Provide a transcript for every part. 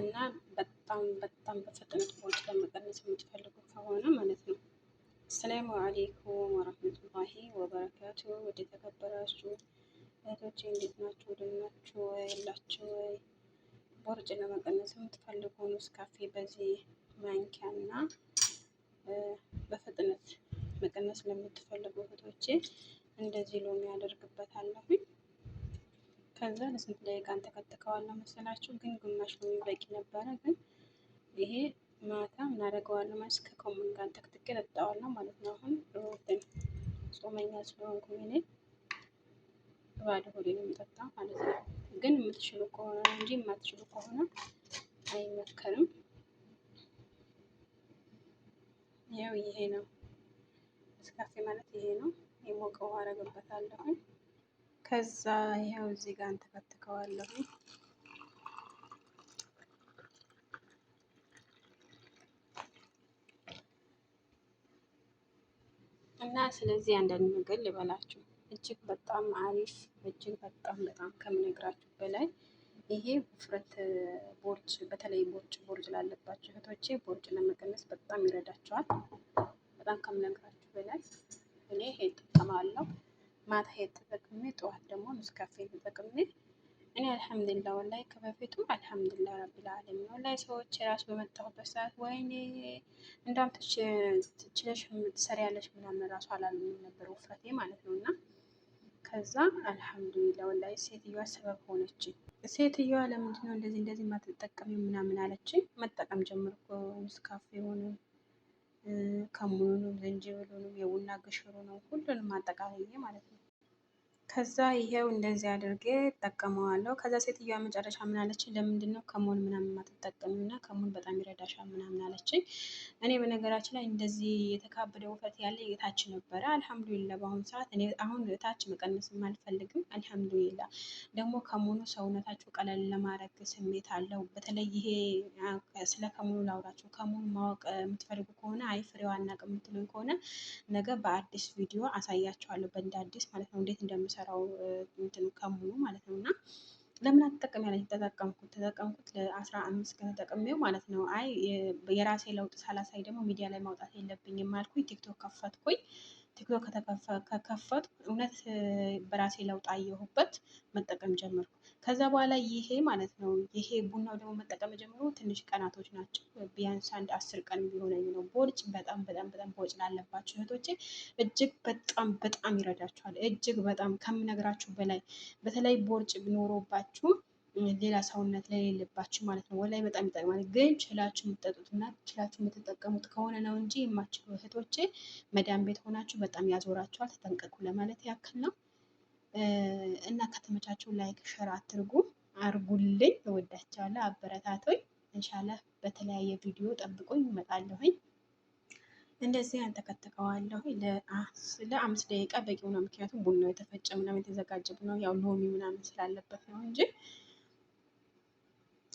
እና በጣም በጣም በፍጥነት ወጪ ለመቀነስ የምትፈልጉ ከሆነ ማለት ነው። አሰላሙ አሌይኩም ወረህመቱላሂ ወበረካቱ። ወደ ተከበራችሁ እህቶቼ እንዴት ናችሁ? ወይ? የላችሁ ወይ? ቦርጭ ለመቀነስ የምትፈልጉ ኔስካፌ በዚህ ማንኪያ እና በፍጥነት መቀነስ ለምትፈልጉ እህቶቼ እንደዚህ ሎሚ ያደርግበታለሁኝ። ከዛ ለስንት ደቂቃ እንተከትከዋለሁ መሰላችሁ? ግን ግማሽ ሎሚ በቂ ነበረ። ግን ይሄ ማታ እናደርገዋለሁ ማለት ከጎመን ጋር እንተክትኬ እጠጣዋለሁ ማለት ነው። አሁን ሮብን ጾመኛ ስለሆንኩኝ እኔ ባዶ ሆዴ ነው የምጠጣ ማለት ነው። ግን የምትችሉ ከሆነ እንጂ የማትችሉ ከሆነ አይመከርም። ያው ይሄ ነው ስካፌ ማለት ይሄ ነው። የሞቀ ውሃ አረግበታለሁ ከዛ ይኸው እዚህ ጋር እንተፈትከዋለሁ። እና ስለዚህ አንዳንድ ነገር ልበላችሁ እጅግ በጣም አሪፍ እጅግ በጣም በጣም ከምነግራችሁ በላይ ይሄ ውፍረት ቦርጭ፣ በተለይ ቦርጭ ቦርጭ ላለባቸው እህቶቼ ቦርጭ ለመቀነስ በጣም ይረዳቸዋል። በጣም ከምነግራችሁ በላይ እኔ ይሄ እጠቀማለሁ ማታ ጠዋት ደግሞ ነስካፌ ተጠቅሜ እኔ አልሐምዱላ ወላይ ከበፊቱ አልሐምዱላ ረቢል ዓለሚን ወላይ ሰዎች ራሱ በመጣሁበት ሰዓት ወይኔ እንዳውም ትችለሽ ትሰሪያለሽ ምናምን ራሱ አላሉኝም ነበር ውፍረቴ ማለት ነው እና ከዛ አልሐምዱሊላ ወላይ ሴትዮዋ ሰበብ ሆነች። ሴትዮዋ ለምንድን ነው እንደዚህ እንደዚህ ማትጠቀሚ ምናምን አለችኝ። መጠቀም ጀመርኩ። ንስካፌውንም፣ ከሙኑንም፣ ዝንጅብሉንም፣ የቡና ግሽሩንም ሁሉንም አጠቃላይ ማለት ነው። ከዛ ይሄው እንደዚህ አድርጌ እጠቀመዋለሁ። ከዛ ሴትዮዋ መጨረሻ ምናለችኝ፣ ለምንድን ነው ከሞን ምናምን ማትጠቀሚው እና ከሞን በጣም ይረዳሻል ምናምን አለችኝ። እኔ በነገራችን ላይ እንደዚህ የተካበደ ውፍረት ያለ የታች ነበረ። አልሐምዱሊላ በአሁኑ ሰዓት እኔ አሁን እታች መቀነስም አልፈልግም። አልሐምዱሊላ ደግሞ ከሙኑ ሰውነታቸው ቀለል ለማድረግ ስሜት አለው። በተለይ ይሄ ስለ ከሙኑ ላውራቸው። ከሙኑ ማወቅ የምትፈልጉ ከሆነ አይ ፍሬዋ አናውቅ የምትሉኝ ከሆነ ነገ በአዲስ ቪዲዮ አሳያቸዋለሁ በእንደ አዲስ ማለት ነው እንዴት እንደምሰራው ከሙኑ ማለት ነው እና ለምን አትጠቀም ያለች ተጠቀምኩት ተጠቀምኩት ለአስራ አምስት ቀን ተጠቅሜው ማለት ነው። አይ የራሴ ለውጥ ሳላሳይ ደግሞ ሚዲያ ላይ ማውጣት የለብኝም አልኩኝ ቲክቶክ ከፈትኩኝ ቲክቶክ ከከፈትኩ እውነት በራሴ ለውጥ አየሁበት፣ መጠቀም ጀመርኩ። ከዛ በኋላ ይሄ ማለት ነው ይሄ ቡናው ደግሞ መጠቀም ጀምሮ ትንሽ ቀናቶች ናቸው። ቢያንስ አንድ አስር ቀን ቢሆነኝ ነው። ቦርጭ በጣም በጣም በጣም ቦርጭ ላለባቸው እህቶቼ እጅግ በጣም በጣም ይረዳቸዋል። እጅግ በጣም ከምነግራችሁ በላይ በተለይ ቦርጭ ኖሮባችሁ ሌላ ሰውነት ላይ የሌለባችሁ ማለት ነው። ወላይ በጣም ይጠቅማል። ግን ችላችሁ የምትጠጡትና ችላችሁ የምትጠቀሙት ከሆነ ነው እንጂ የማችሉ እህቶቼ መዳም ቤት ሆናችሁ በጣም ያዞራችኋል። ተጠንቀቁ ለማለት ያክል ነው። እና ከተመቻችሁ ላይክ፣ ሸር አትርጉ አርጉልኝ። እወዳቸዋለሁ። አበረታቶኝ እንሻላ በተለያየ ቪዲዮ ጠብቁኝ። እመጣለሁኝ እንደዚህ አንተከተከዋለሁ ለአምስት ደቂቃ በቂ ነው። ምክንያቱም ቡና የተፈጨ ምናምን የተዘጋጀ ነው። ያው ሎሚ ምናምን ስላለበት ነው እንጂ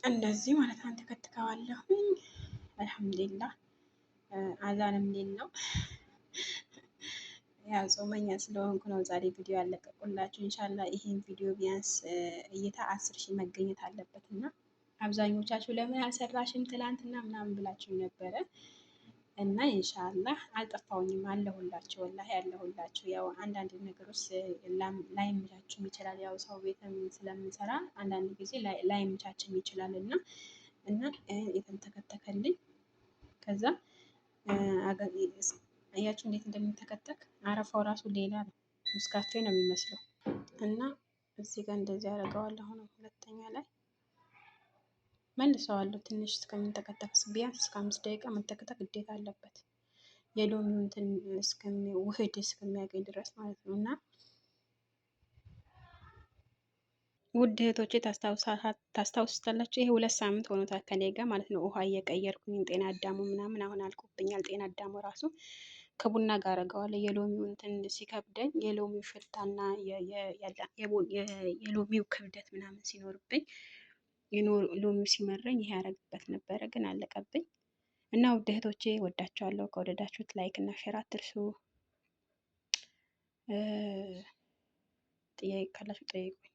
እንደዚህ ማለት ነው። ተከትከዋለሁኝ አልሐምዱሊላ አዛንም ሌል ነው። ያ ጾመኛ ስለሆንኩ ነው ዛሬ ቪዲዮ ያለቀቁላችሁ። እንሻላ ይሄን ቪዲዮ ቢያንስ እይታ አስር ሺህ መገኘት አለበት እና አብዛኞቻችሁ ለምን አልሰራሽም ትላንትና ምናምን ብላችሁ ነበረ። እና ኢንሻላህ አልጠፋውኝም፣ አለሁላችሁ ወላሂ አለሁላችሁ። ያው አንዳንድ ነገሮች ላይመቻችሁም ይችላል። ያው ሰው ቤትም ስለምንሰራ አንዳንድ ጊዜ ላይመቻችም ይችላል እና እና የተንተከተከልኝ ከዛ አያችሁ እንዴት እንደሚተከተክ አረፋው ራሱ ሌላ ነው። ሙስካፌ ነው የሚመስለው እና እዚህ ጋር እንደዚህ አደርገዋለሁ። አሁን ሁለተኛ ላይ መልሰዋለሁ። ትንሽ እስከሚንተከተክ ቢያንስ እስከ አምስት ደቂቃ መተከተክ ግዴታ አለበት። የሎሚውን ውህድ እስከሚያገኝ ድረስ ማለት ነው እና ውድ እህቶቼ ታስታውሱታላችሁ። ይሄ ሁለት ሳምንት ሆኖታል ከኔ ጋር ማለት ነው። ውሃ እየቀየርኩኝ ጤና አዳሙ ምናምን አሁን አልቆብኛል። ጤና አዳሙ ራሱ ከቡና ጋር አደርገዋለሁ። የሎሚው እንትን ሲከብደኝ የሎሚው ሽታና የሎሚው ክብደት ምናምን ሲኖርብኝ ሎሚው ሲመረኝ ይሄ ያረግበት ነበረ ግን አለቀብኝ። እና ውድ እህቶቼ ወዳችኋለሁ። ከወደዳችሁት ላይክ እና ሼር አትርሱ። ጥያቄ ካላችሁ ጠይቁኝ።